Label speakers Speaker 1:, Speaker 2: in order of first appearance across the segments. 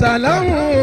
Speaker 1: salamu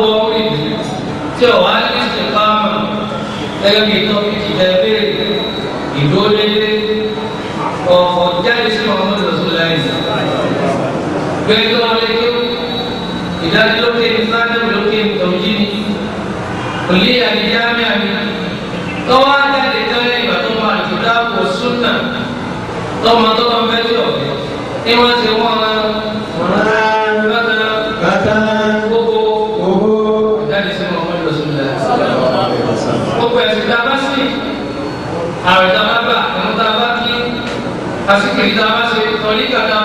Speaker 2: bọ orí ìdí tí ọ̀ wá ní ìsìnkáàmù gẹ́gẹ́ bí ìtọ́ fi ti ẹ̀ béèrè ìdólélé ọ̀fọ̀ jáde sí ọmọ ìlọsùn láyé gbẹ́jọ́ lẹ́jọ́ ìdánilókè ìdánilókè ìtọ́jú ni kò lè àyíká mẹ́rin tọ́wọ́ àtàlẹ́ tẹ́lẹ̀ ìgbà tó máa jù তরিকাটা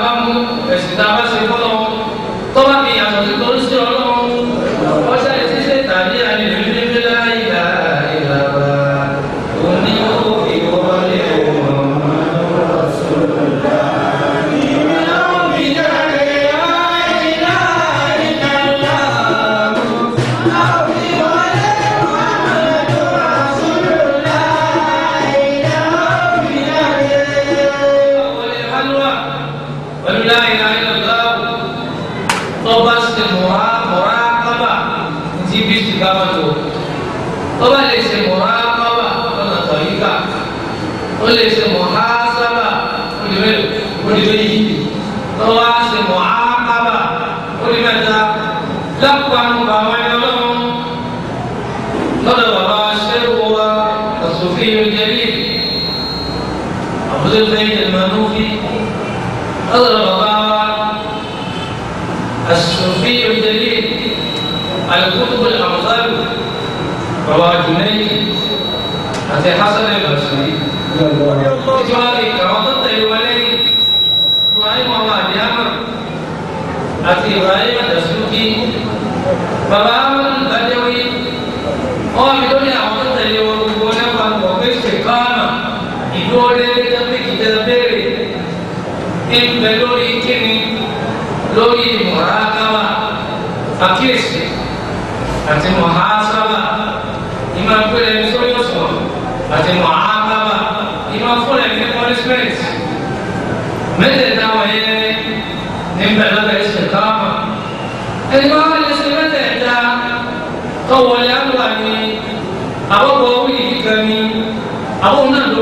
Speaker 2: àkíyèsí àti mọ̀hásábà ìmọ̀ ìpínlẹ̀ sọ́yọ̀sọ̀ àti mọ̀hásábà ìmọ̀ fúnlẹ̀ ní punishment mẹ́tẹ̀ẹ̀ta wọ̀nyẹ́ níbẹ̀ lọ́dọ̀ ẹ̀ṣẹ̀ káàmà ẹni bá wà lè ṣe mẹ́tẹ̀ẹ̀ta tọwọ́lẹ́ àlùwà ni àbọ̀bọ̀ wíìlì kan ni àbọ̀bọ̀ náà ló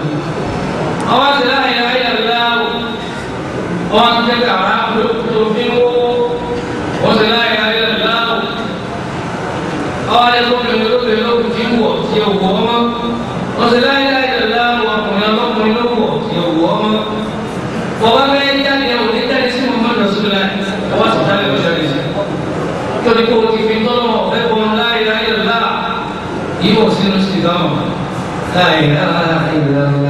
Speaker 2: لا إله إلا الله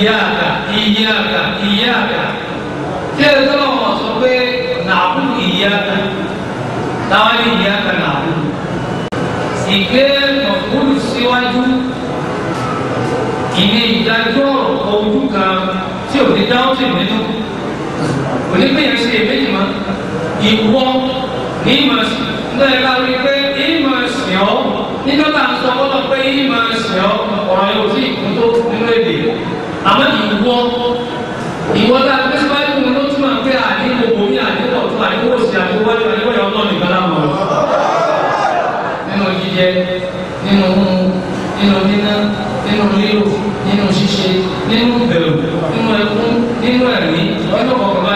Speaker 2: ìyáàkà ìyáàkà ìyáàkà tí ẹ tó lọ́wọ́ sọ pé nàbù ìyáàkà táwọn ní ìyáàkà nàbù ìgbé mọ̀kúrú síwájú ìní ìdájọ́ ojú kan tí ò ní dáhùn sí nínú onígbìyànjú ṣe èméjì mọ́ ìwọ ní ìmọ̀ sí ń dẹ́rẹ́ láwí pé ìmọ̀ sí ọ́ nígbà tá à ń sọ wọ́n pé yìí máa sìn ọ́ ọ̀rọ̀ yóò sí ìkún tó nínú èdè àmọ́ ìwọ ìwọ tá a gbé sí báyìí kún ló tún máa ń pé àdínkù bòmí àdínkù ọ̀tún àdínkù òsì àdínkù wájú àdínkù ẹ̀yọ́ náà nìkan láwọn nínú jíjẹ nínú mímu nínú níná nínú lílo nínú ṣíṣe nínú bẹ̀rù nínú ẹkún nínú ẹ̀mí ọjọ́ kọ̀ọ̀kan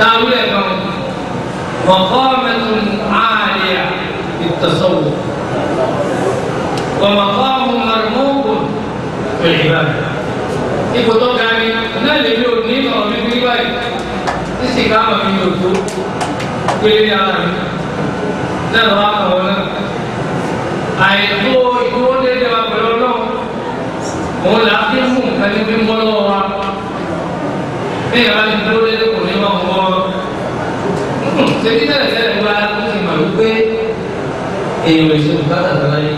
Speaker 2: تعالوا لي مقامة عالية في التصوف ومقام مرموق في العبادة iko toka ni na leo ni kwa mbili bali sisi kama vile tu kile ni ala na wako wana aiko iko ndio wa bolono
Speaker 1: mola kimu
Speaker 2: kanibi molo wa eh bali ṣèbí tẹ́lẹ̀ tẹ́lẹ̀ wá ó ti mọ̀ wípé èèyàn ìṣe bùkátà tó láyé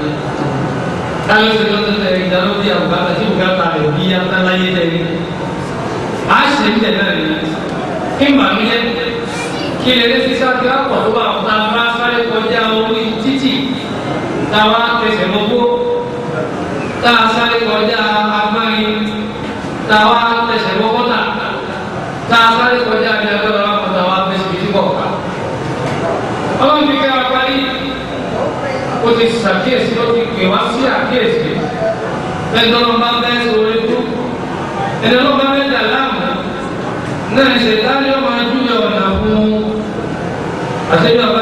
Speaker 2: táwọn ìṣe tó tẹ̀lé ìdáná bí àbùkátà tí bùkátà rẹ̀ bí yàtá láyé tẹ̀lé á ṣe ń tẹ̀lé rẹ̀ kí n bà mí lẹ́ kí lè lé sísá kí á pọ̀ tó bá ọ̀tá bá sáré kọjá orí títì táwa tẹsẹ̀ mọ́kó tá a sáré kọjá amáyé táwa tẹsẹ̀ mọ́kọ́tà tá a sáré kọjá. ṣàkíyèsí ó ti pè wá sí àkíyèsí ẹni ọlọ́run bá bẹ́ẹ̀ sọ̀rọ̀ ikú ẹni ọlọ́run bá bẹ́ẹ̀ dà láàmú náà ṣe dárí ọmọ ẹjú yẹ ọ̀nà fún àṣẹjọba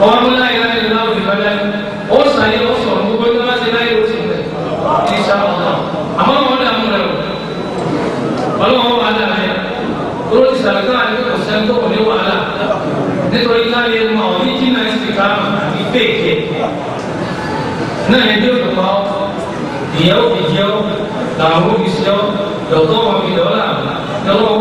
Speaker 2: ọmọ ọdún láyé láyé ní láwùjọ ìbálẹ̀ ó sàyé ó sọ̀rọ̀ gbogbo ní wọ́n ti láyé ó ti rẹ̀ ní sáwọn náà àmọ́ wọn dà mú rẹ̀ ọlọ́wọ́ wà dà mẹ́ kúrò ti sàrẹ̀ káà ní kò sẹ́ni tó kò ní wàhálà nítorí káyé mọ̀ ní jí náà ti ká ìgbé ìkẹ́ náà yẹ dé òkùnkọ́ ìyàwó ìjẹun làwọn òbí ṣẹun lọ́tọ́ wọn fi dọ́là lọ́wọ́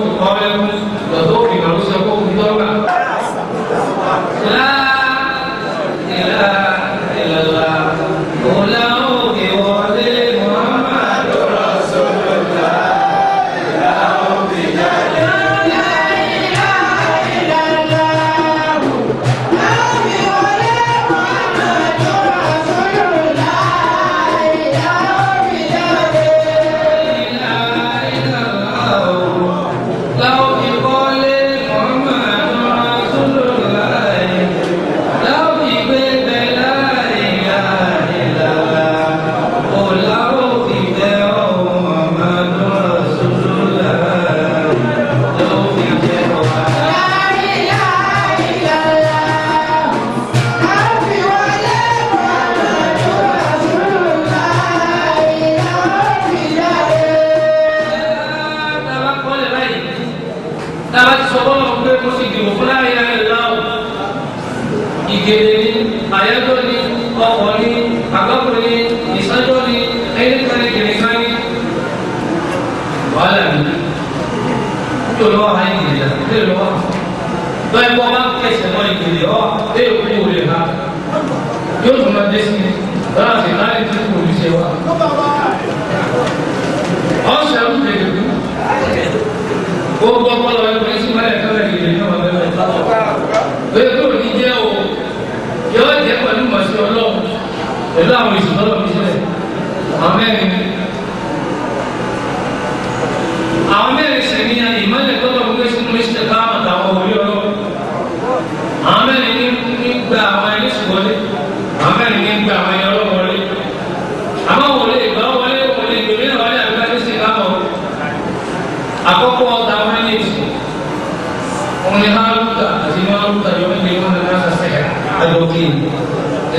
Speaker 2: ní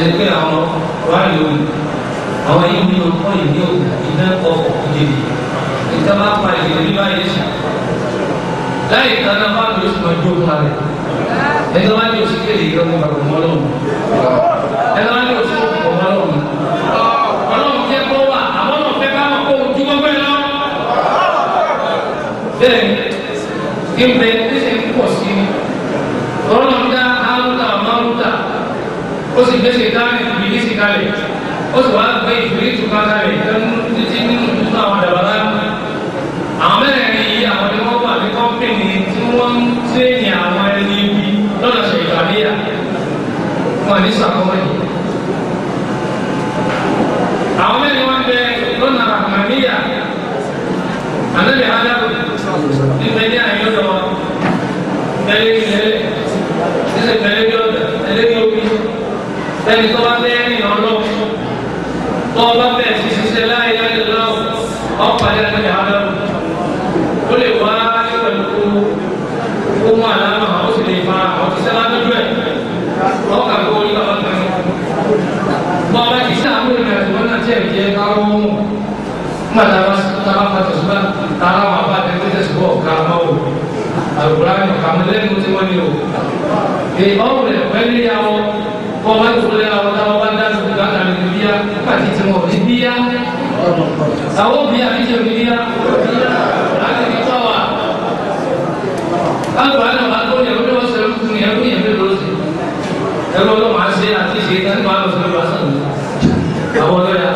Speaker 2: ẹgbẹ́ àwọn ráàlì òní àwọn yìí ní ọkọ̀ yìí ní òkú iná ọkọ̀ òjèlè ìta bá pa ìdílé ní báyìí ṣá láì kan náà má lóyún sùn ọjọ́ òkú rẹ̀ ẹgbẹ́ wá ní oṣù kéde yìí ọkọ̀ bàbá ọmọ lọ́wọ́ ẹgbẹ́ wá ní oṣù ọkọ̀ ọmọ lọ́wọ́ ọlọ́run jẹ́ kó wà àwọn ọmọ fẹ́ bá wọn kó ojú gbọ́gbẹ́ lọ. bẹ́ẹ̀ kí n bẹ gbèsè kálẹ̀ ìbílísì kálẹ̀ ó sì wá gbé ìbílísì ká kálẹ̀ ẹnu títí nínú ìdúró àwọn dàbàlá àwọn mẹ́rẹ̀ẹ̀rin yìí àwọn ni wọ́n wà ní kọ́mpìnì tí wọ́n ń tẹ̀yìn àwọn ẹni ibi lọ́dọ̀ ṣe ìgbàlẹ́yà wọn ní sàkọ́mọ́ yìí. àwọn mẹ́rin wọn bẹ lọ́nà àmàmíyà ànábì ádámù nígbà yẹn àyọ̀dọ̀ sẹ́ni tó bá fẹ́ rìn ọlọ́run tó bá fẹ́ ṣiṣẹ́ láyé láyé lọ́wọ́ ọ̀pọ̀ àti àti àdáwò ó lè wá pẹ̀lú ohun àlámà ó sì lè fa ọ̀tíṣẹ́ ládùúgbò ẹ̀ ọkà tó ń lọ ọ̀tá mi. bọ́n bá ti sáà mú ìrìn àjò náà tiẹ̀ jẹ́ káwọ́ mú mọ̀ tàbá tàbá pàtó ṣùgbọ́n tàbá wà bá tẹ̀ tẹ̀ ṣùgbọ́n ọ̀gá ọmọ wò àlùkò láyé ọ̀kà mi lẹ́nu tí wọ́n ní o. èèyàn rẹ̀ pẹ́ẹ́lí yà wọ́n kọ́ wá tó lẹ́nu àwọn táwọn bá dá sí ìgbà kan lè bíyà pàtí tí wọn ò ní bíyà. àwọn òbí àbíjẹ mi bíyà láti fi tọ́ wa.
Speaker 1: káàkiri àná máa tó
Speaker 2: yẹ kó ṣe ń fún yẹn kó yẹn fi lóṣù. ẹgbẹ́ ọlọ́ máa ṣe àti ṣe kí wọ́n á lọ sí ìlú àṣà nù. àwọn ọlọ́yà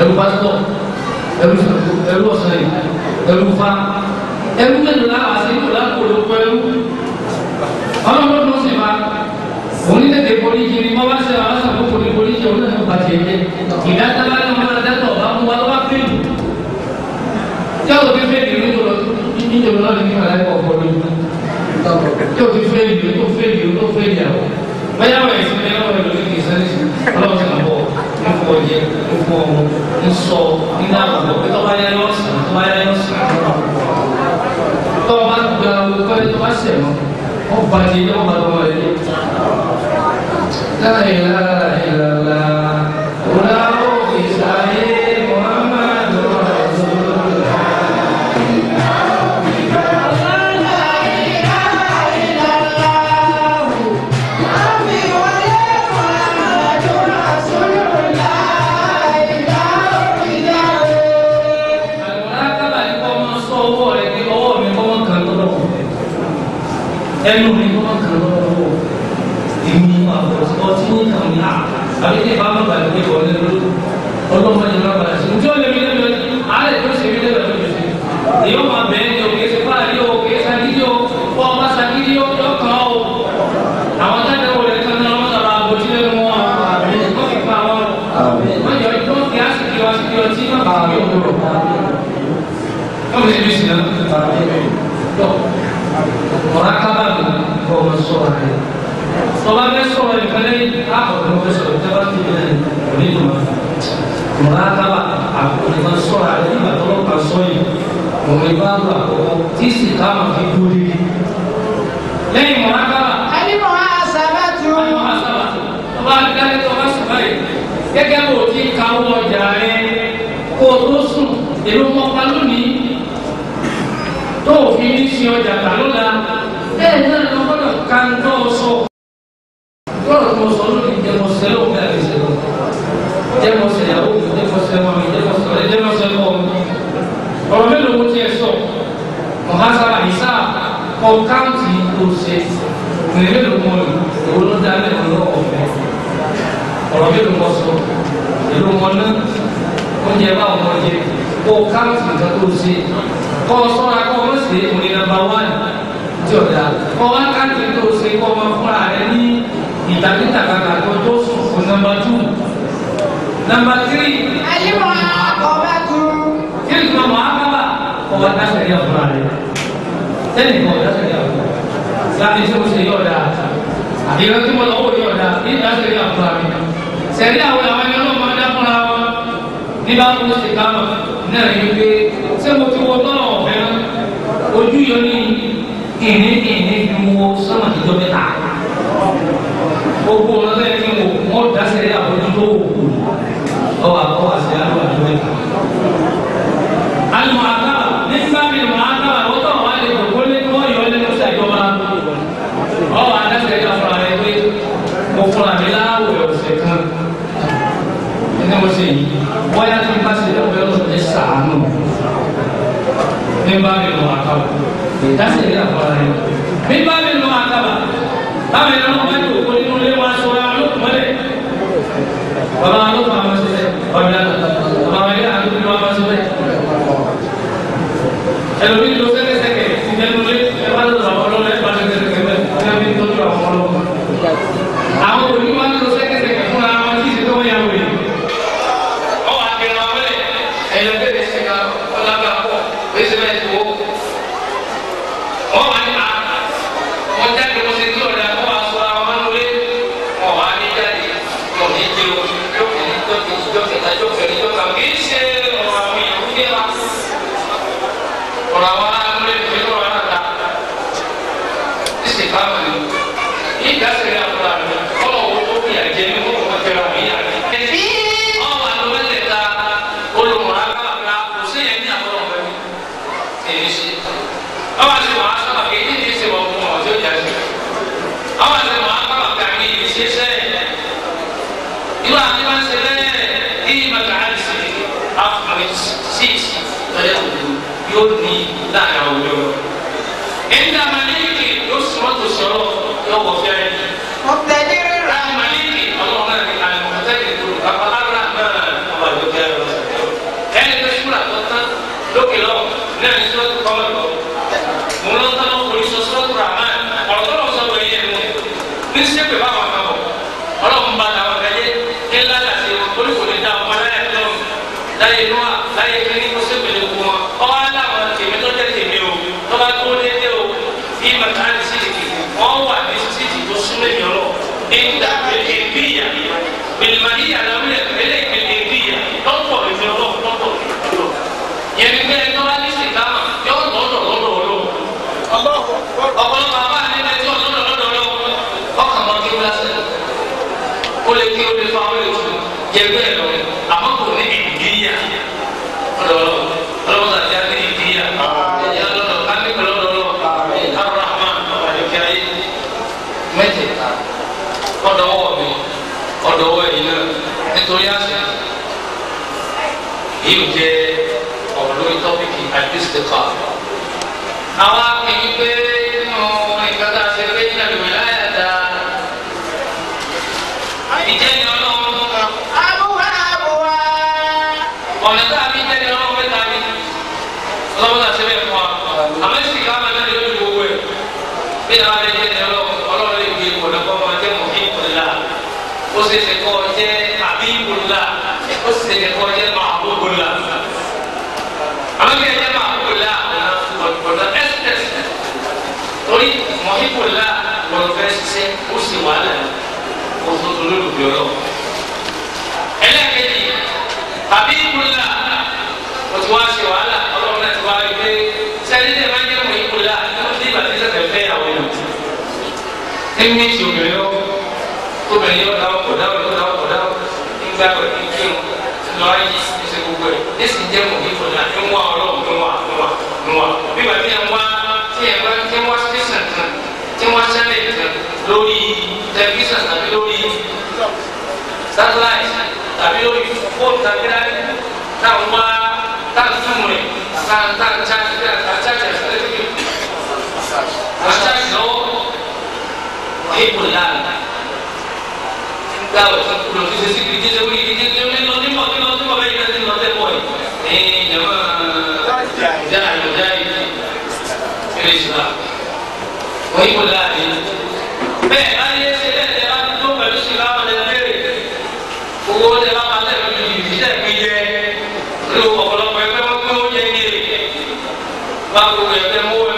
Speaker 2: ẹ̀rù pásítọ̀ ẹ̀rù ọ̀sán yìí ẹ̀rù fa ẹ̀rù mélòó láwàá sí ìlú lákòó ló pẹ́ ẹ̀rù. ọlọ́mọ bá ṣe jẹ́ ìdájọ́ bá ní ọmọ ẹ̀dẹ́tọ̀ bá mú wa ló bá fèlú tí àwọn òbí fèlú ní ìjọba níjọba náà ní ìwà ẹ̀kọ́ ọ̀pọ̀ lójú tí òbí fèlú tó fèlú tó fèlú àwọn báyà wọ̀ ẹ̀sìn ní ẹ̀rọ ìlú ní ìsẹ́lẹ̀sì ọlọ́run ti àbọ̀ ń fọ ọjẹ́ ń fọ ọmọ ń sọ nínú àbọ̀ pé tọ́ bá yẹ lọ́sàn tọ́ bá yẹ lọ́sàn tọ́ bá gba owó tọ́ bá sẹ̀ mọ́ ọ tọ́ba bẹ sọ̀rọ̀ nìkan lẹ́yìn àkọ́kọ́ bẹ sọ̀rọ̀ ìjọba ti yẹ òní tó ma mọ̀nà àtàwà àkọ́kọ́ sọ̀rọ̀ àti ìgbà tó lọ́ka sọ́yìn òun ìbá lọ àkọ́kọ́ tí sì káwọn fi dúró lẹ́yìn mọ̀nà àtàwà.
Speaker 3: àdìmọ̀ àṣàbà
Speaker 1: tó. àdìmọ̀ àṣàbà tó.
Speaker 2: tọ́ba adájọ́ tọ́ba sọ̀rọ̀ yìí gẹ́gẹ́ bó ti káwọ́ ọjà rẹ kó o tó sùn èrò mọ́pá lónìí tó òfin 我们。
Speaker 1: gbá wẹ̀ ń kí lọ ayé
Speaker 2: ṣe gbogbo ẹ̀ ẹ̀sìn jẹ́ mọ̀ ní fúnra ń wá ọlọ́run ń wá ń wá ń wá bí bàbá yẹn wá tí yẹn bá tí wọ́n tẹ̀sán kan tí wọ́n sẹ́lẹ̀ kan lórí tẹlifíṣàn tàbí lórí satellite tàbí lórí fóònù tàbí láti táwọn wá táwọn tún rẹ̀ táwọn táwọn chájì táwọn chájì àti tẹlifíṣàn táwọn chájì lọ́wọ́ ébùlá àná gba ọ̀sán kúrò ṣíṣe sí ibi jẹ́jẹ́ wí ibi jẹ́jẹ́ wí lọ nímọ̀ nímọ̀ nímọ̀ bẹ́ẹ̀ yẹn ti lọ tẹ́ pọ̀ yìí ní ìjọba
Speaker 1: jáde jáde
Speaker 2: kérésìlá wọ́n yí kó láàyè bẹ́ẹ̀ láyé ṣe lẹ́sẹ̀ láti tó pẹ̀lú sí láwọn ẹ̀ lẹ́rẹ̀ owó lẹ́ láwọn alẹ́ mi yìí ṣe mi yẹ ló ọ̀pọ̀lọpọ̀ ẹgbẹ́ wọn gbé oúnjẹ ní èrè báwo ẹgbẹ́ mọ́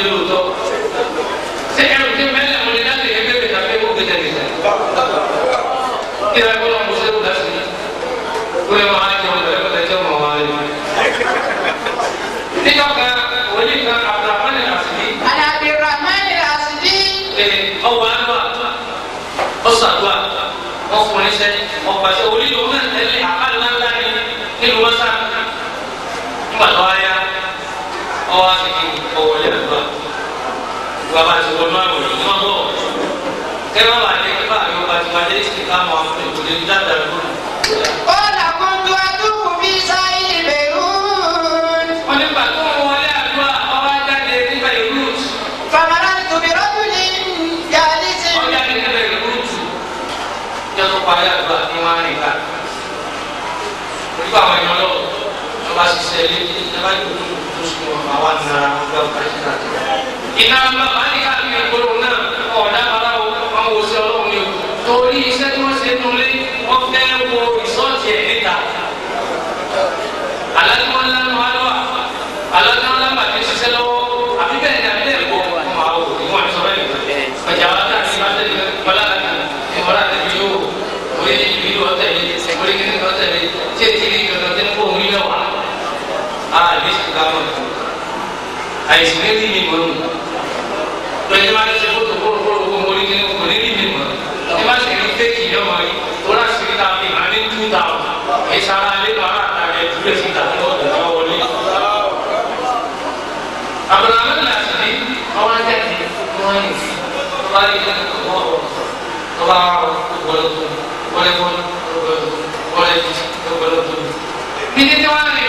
Speaker 2: ṣe lóòótọ́ ṣé ẹrù tí mẹ́lẹ̀ mo lè dáhùn ẹgbẹ́ mi tàbí ewu gbẹdẹ mi sẹ́ ìrẹ́ bọ́lá mo ṣe wù láti ní wọ́n máa ń jẹun lọ ẹ̀kọ́ tẹ́jọ́ mọ̀ wá lẹ́nu. nígbà kan wòlíì kan abdulrahman asidi.
Speaker 3: abdulrahman asidi.
Speaker 2: ọwọ́ àdúrà ọ̀sàdúrà ọkùnrin sẹ́ ọ̀pàṣẹ wòlíì lòun náà tẹ̀lé àbálẹ̀ náà láàyè nílùú wọ́sà nígbà tó wáyà ọwọ́ àti kìkì ọ̀wọ́lẹ́rẹ́ wà bá ti wọnú àwọn èèyàn máa bọ̀ kẹ́rọ wà ní kíkọ́ àbí wọ́n bá ti wà ní ìsìnkú káwọn ọmọ ìkòlè ní dáadáa lónìí.
Speaker 3: ó là kún tó adúgbò bí sáyé bẹ̀rù. wọ́n ní pàtó
Speaker 2: wọlé àdúrà ọba jáde ní bẹ̀rù.
Speaker 3: fàmàlà tòbí rọ́dúnì yàrá sí.
Speaker 2: lọ wọ́n bá ṣiṣẹ́ ilé kí ẹ bá yóò tó sùn wọn àwọn àna ọgbà òkàṣì ìlànà bàbá ní káàkiri ìgboro náà ọ̀dà bàbá wo àwọn òsì ọlọ́run ni o torí عليكم ط ب ا و ل ك ولكم و ك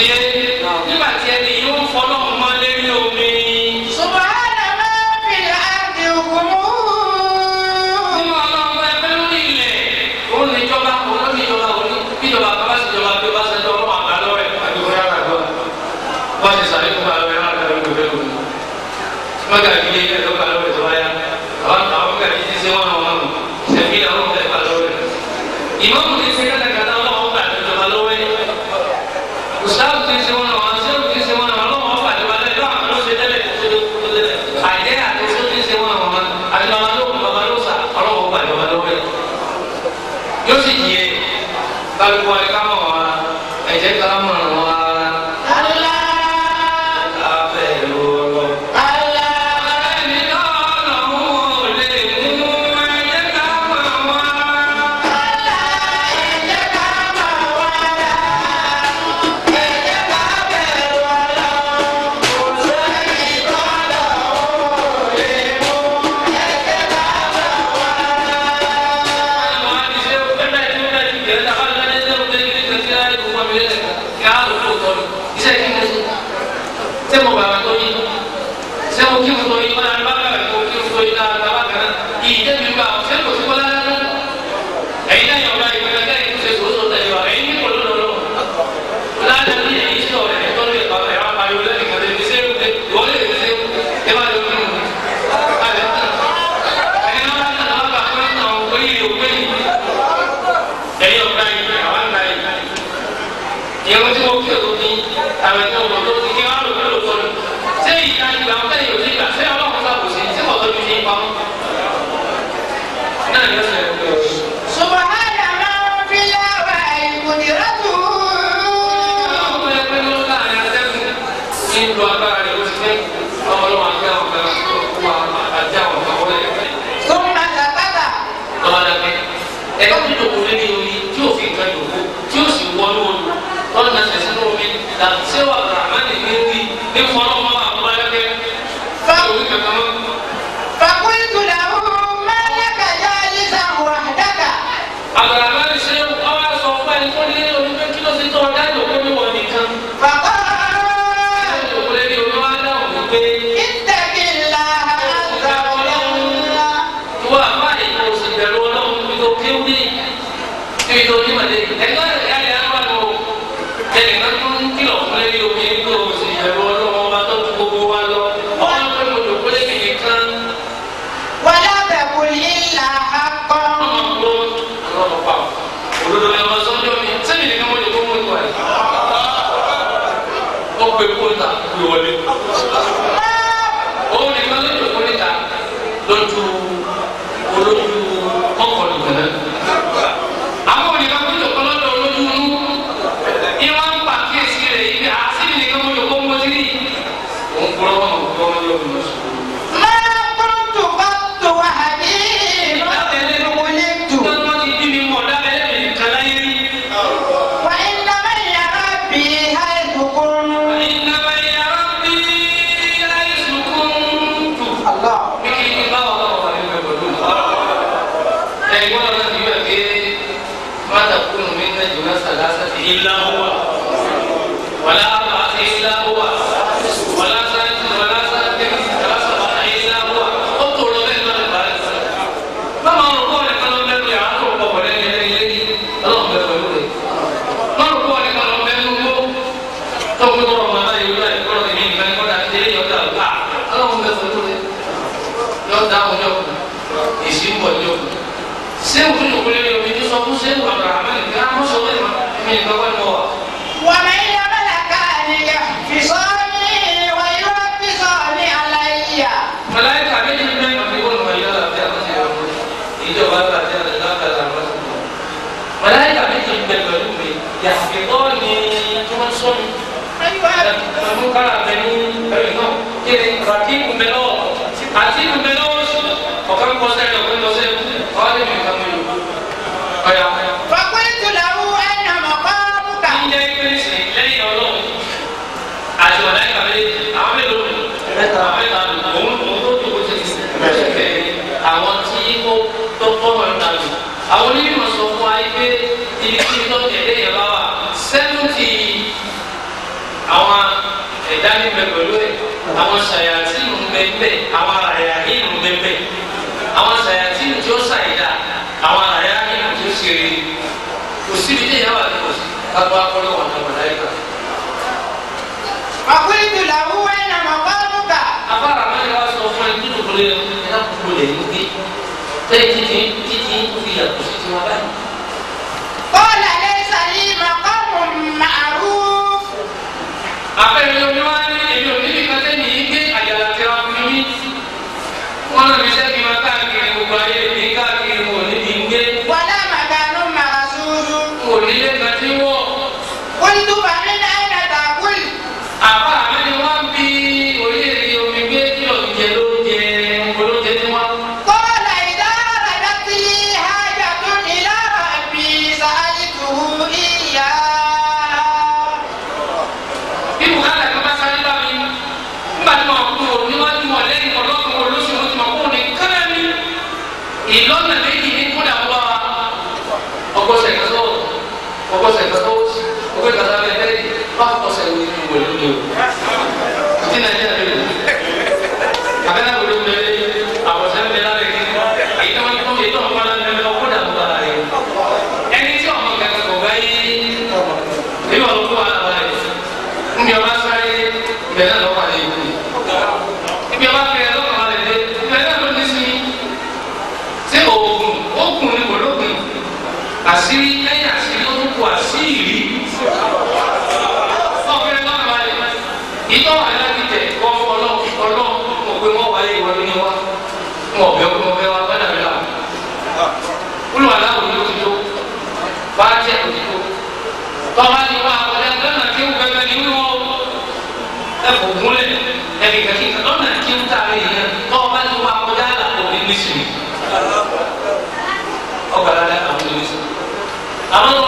Speaker 2: Yeah. ni ratibu bẹ lọ atibu bẹ lọ su ọkan kọsẹ yẹ ọkan kọsẹ yẹ ọyẹ mi ka mun ọya.
Speaker 3: fakultu lahu ẹna mọkọ muka. n yẹ kiri si lẹ́yìn ọlọ àti ọlẹ kàwé àwọn mi lò
Speaker 2: mẹ́ta mẹ́ta òun òun tó tó ti fẹ àwọn tí ó tó kọ́ wọn ta pẹ̀lú ẹ̀ àwọn ṣàyàtì ń bẹ́ẹ̀ àwọn àyà yìí ń bẹ́ẹ̀ àwọn ṣàyàtì tí ó ṣàyẹ̀dá àwọn àyà yìí tí ó ṣe rí kò síbi tí ìyá wà ní kò sí kápá akọ́lọ́ wà ní ọ̀nà ìgbà.
Speaker 3: àkúrẹ́tù làwọn wẹ́n nà mọ̀ bá lùkà.
Speaker 2: afárá máa ń wá sọ fún ẹ nínú ìkọlẹ́ ẹ ẹ kúkú lè ní gbé lẹ́yìn títí títí ó fi yàtọ̀ sí tiwọn báyìí.
Speaker 3: bọ́ọ̀lù àlẹ́ sàlí
Speaker 2: màkàmù あの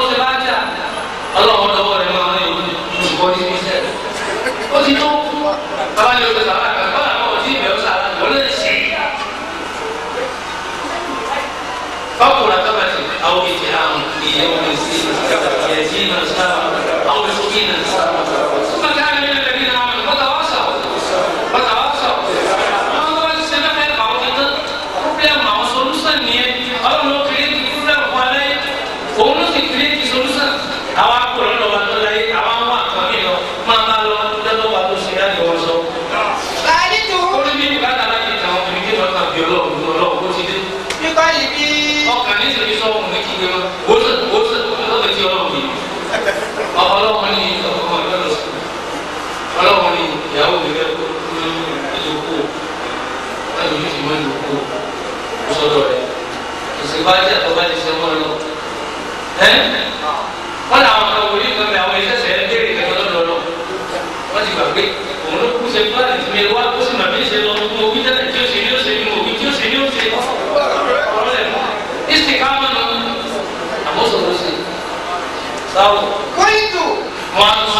Speaker 2: Saulo. Quando?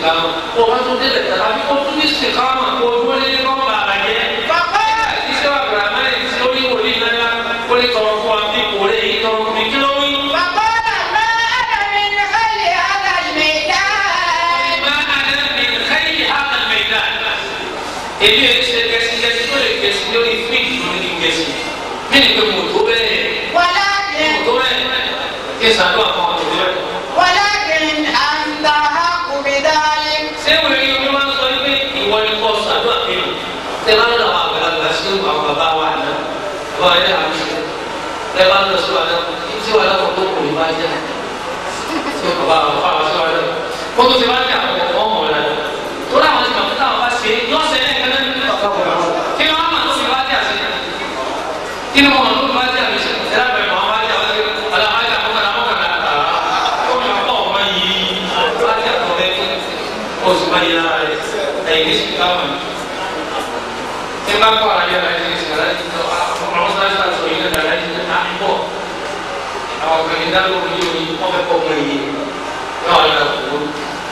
Speaker 2: istiqama. Olmaz o demek ki. Tabi oturun istiqama. O kótó ti wá ní àkọ́kọ́ fọ́ọ̀mù rẹ̀ tó láwọn ti kàwé táwọn bá ṣe yọ̀ọ́sẹ̀ náà kẹ́lẹ́ ní ọ̀pọ̀lọpọ̀ kí wọ́n á mà tó ti wá dé àṣẹ kí ni wọ́n mọ̀ tó wá dé àṣẹ ẹ̀rọ àbẹ̀rẹ̀ wọn wá dé àwọn aláwájà àkọ́kọ́ làwọn kàn án ó ní ọ̀pọ̀ ọ̀ma yìí wá dé àkọ́kọ́ oṣù máa yẹ ara rẹ̀ ẹ̀yìn ní sùn káwọn ní bá kọ́ ara yẹ àwọn obìnrin dá lórí yìí wọ́n fẹ́ kọ́ ọmọ yìí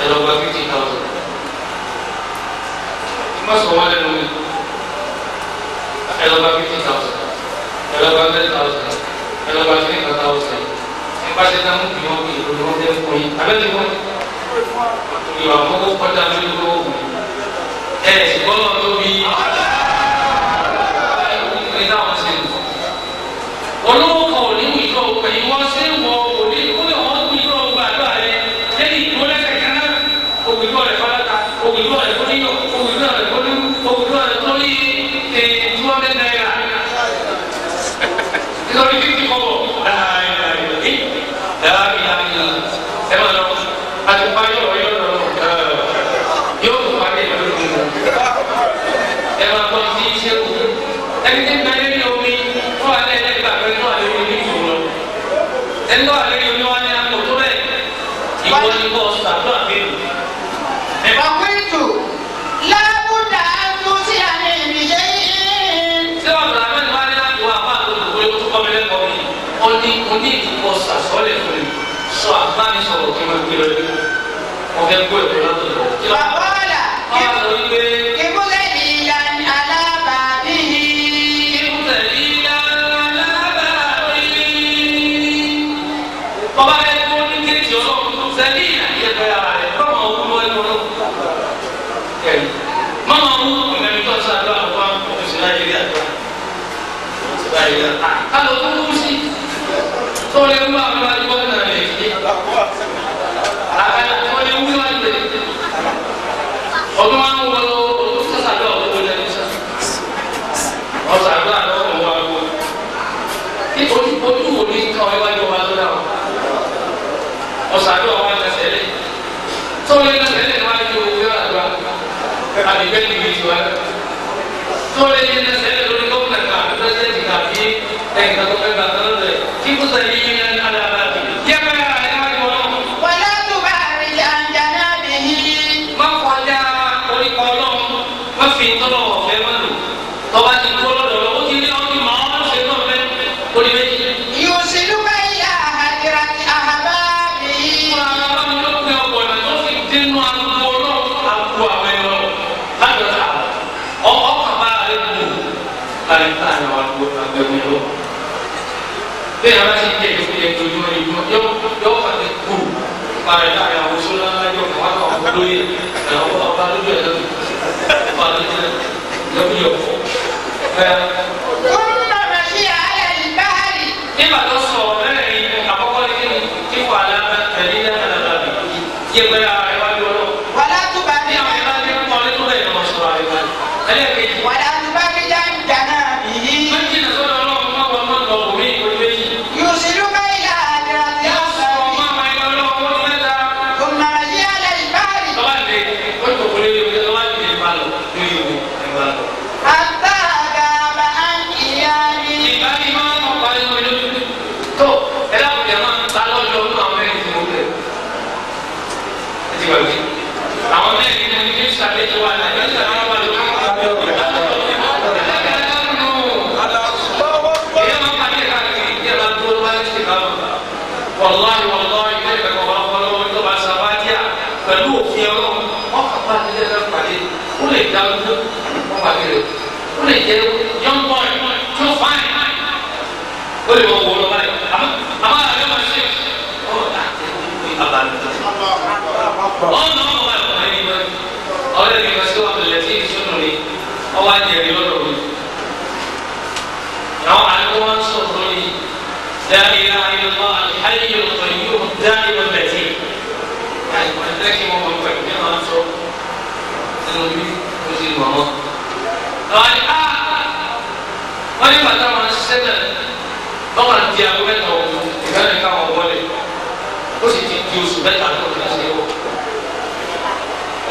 Speaker 2: ẹ̀rọ gba fifty thousand má sọ wọn lẹ́nu mi ẹ̀rọ gba fifty thousand ẹ̀rọ gba ten thousand ẹ̀rọ gba twenty thousand nípa ṣe dáhùn kì í wọ́n kì í lórí wọ́n tẹ́ fún yín abẹ́tẹ̀ wọ́n ìwà mọ́kó kọjá lórí wọ́n wù ẹ̀ ṣùgbọ́n náà tóbi olówó kan. 妈，你说我怎么去了？我跟郭月他们走了。Sexual. el pa rẹ̀ láàrin àwọn oṣù lọ́lájọ́ kan wá kàn fún lóye àwọn ọba lójú ẹ̀ lọ́dún ọba lójú ẹ̀ lọ́dún yọ̀ fún.
Speaker 3: Kúrúnà Rashid Alẹ́ Ìbáhárì.
Speaker 2: Nígbà tó sọ mẹ́rin àkọ́kọ́ ní kíkọ́ àlá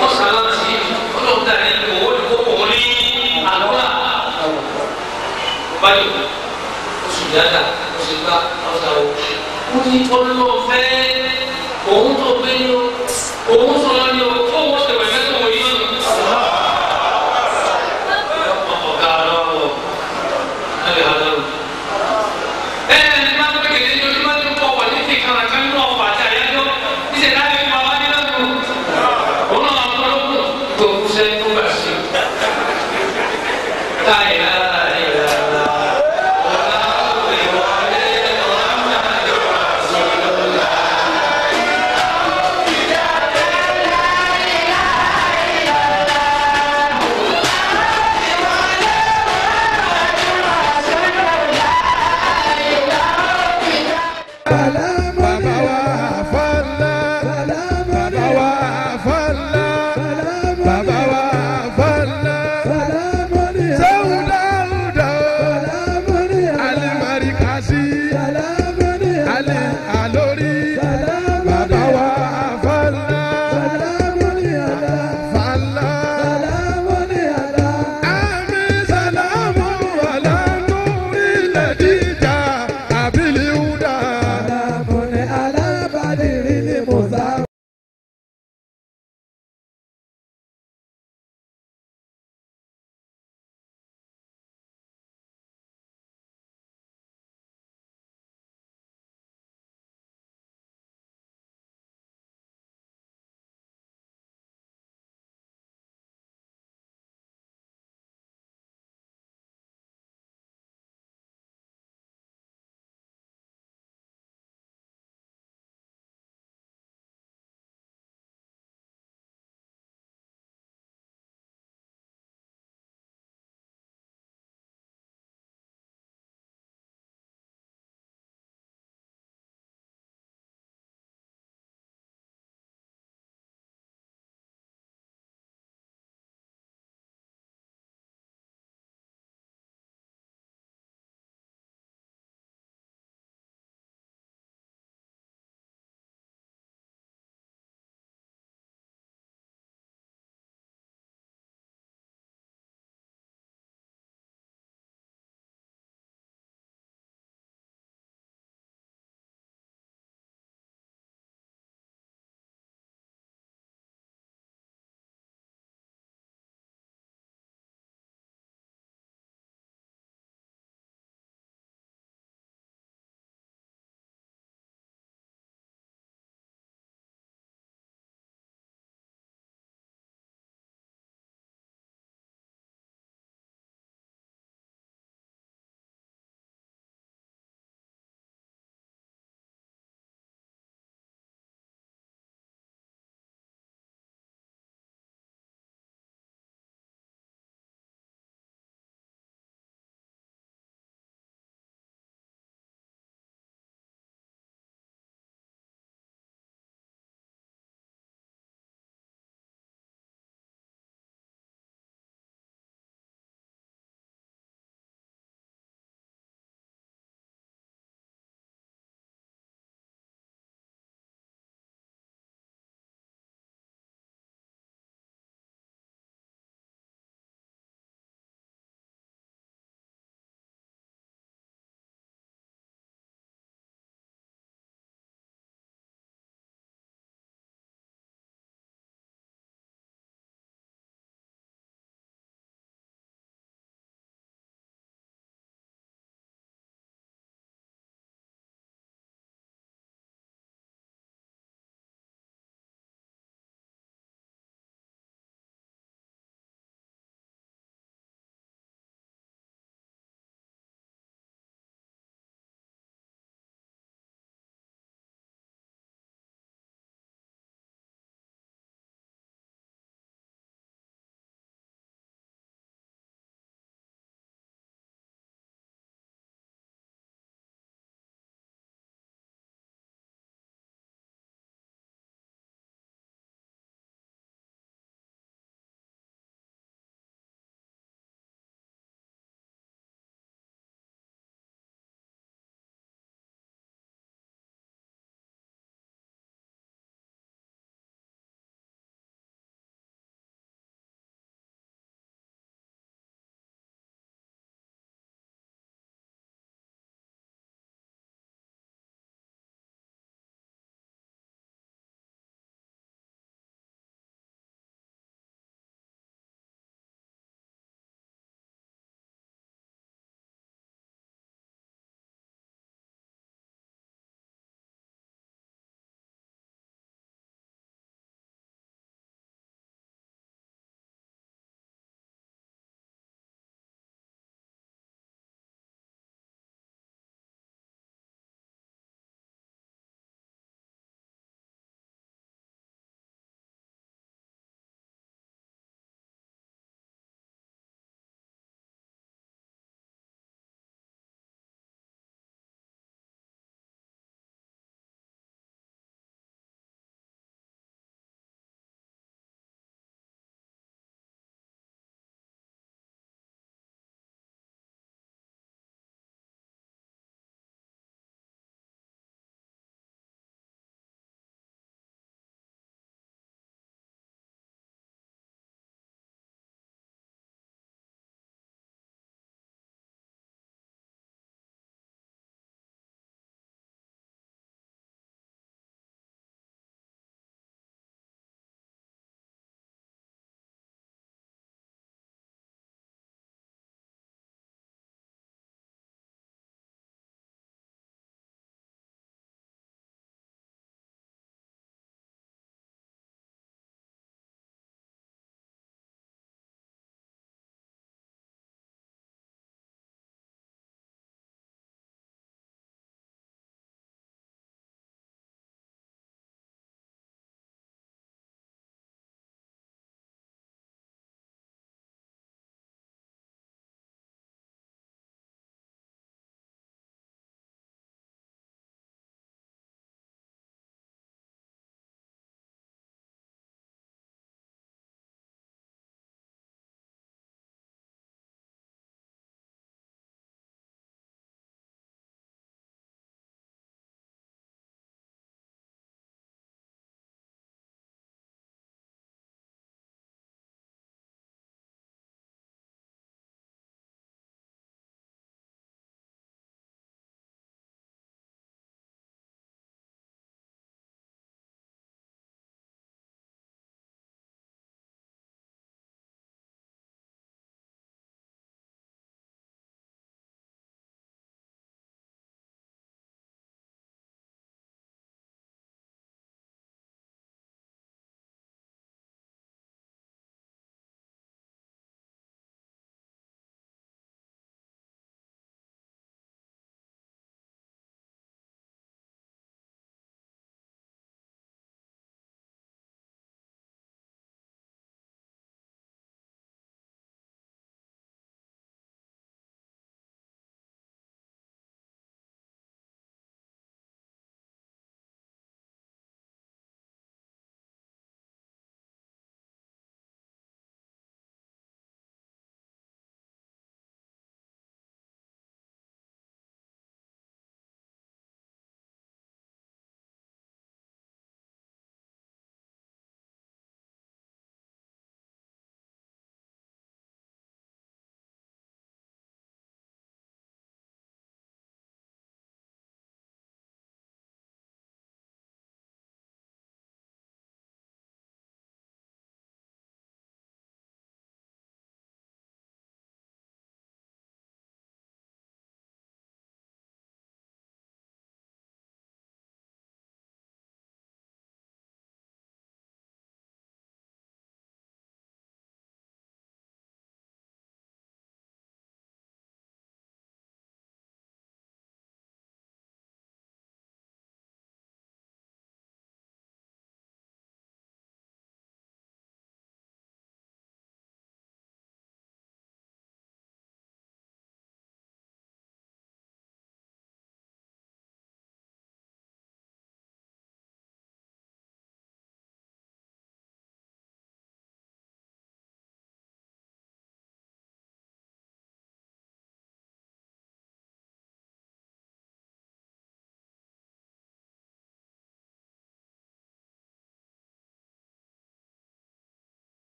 Speaker 2: wọ́n sàlámà sí ọlọ́run dà ní owó ní kókó wọn ní àlọ́lá báyìí oṣù yàtà oṣù gbà ọ̀sà o kúndínlọ́ọ̀fẹ́ òun tó gbé ní o òun sọ̀rọ̀ ní o.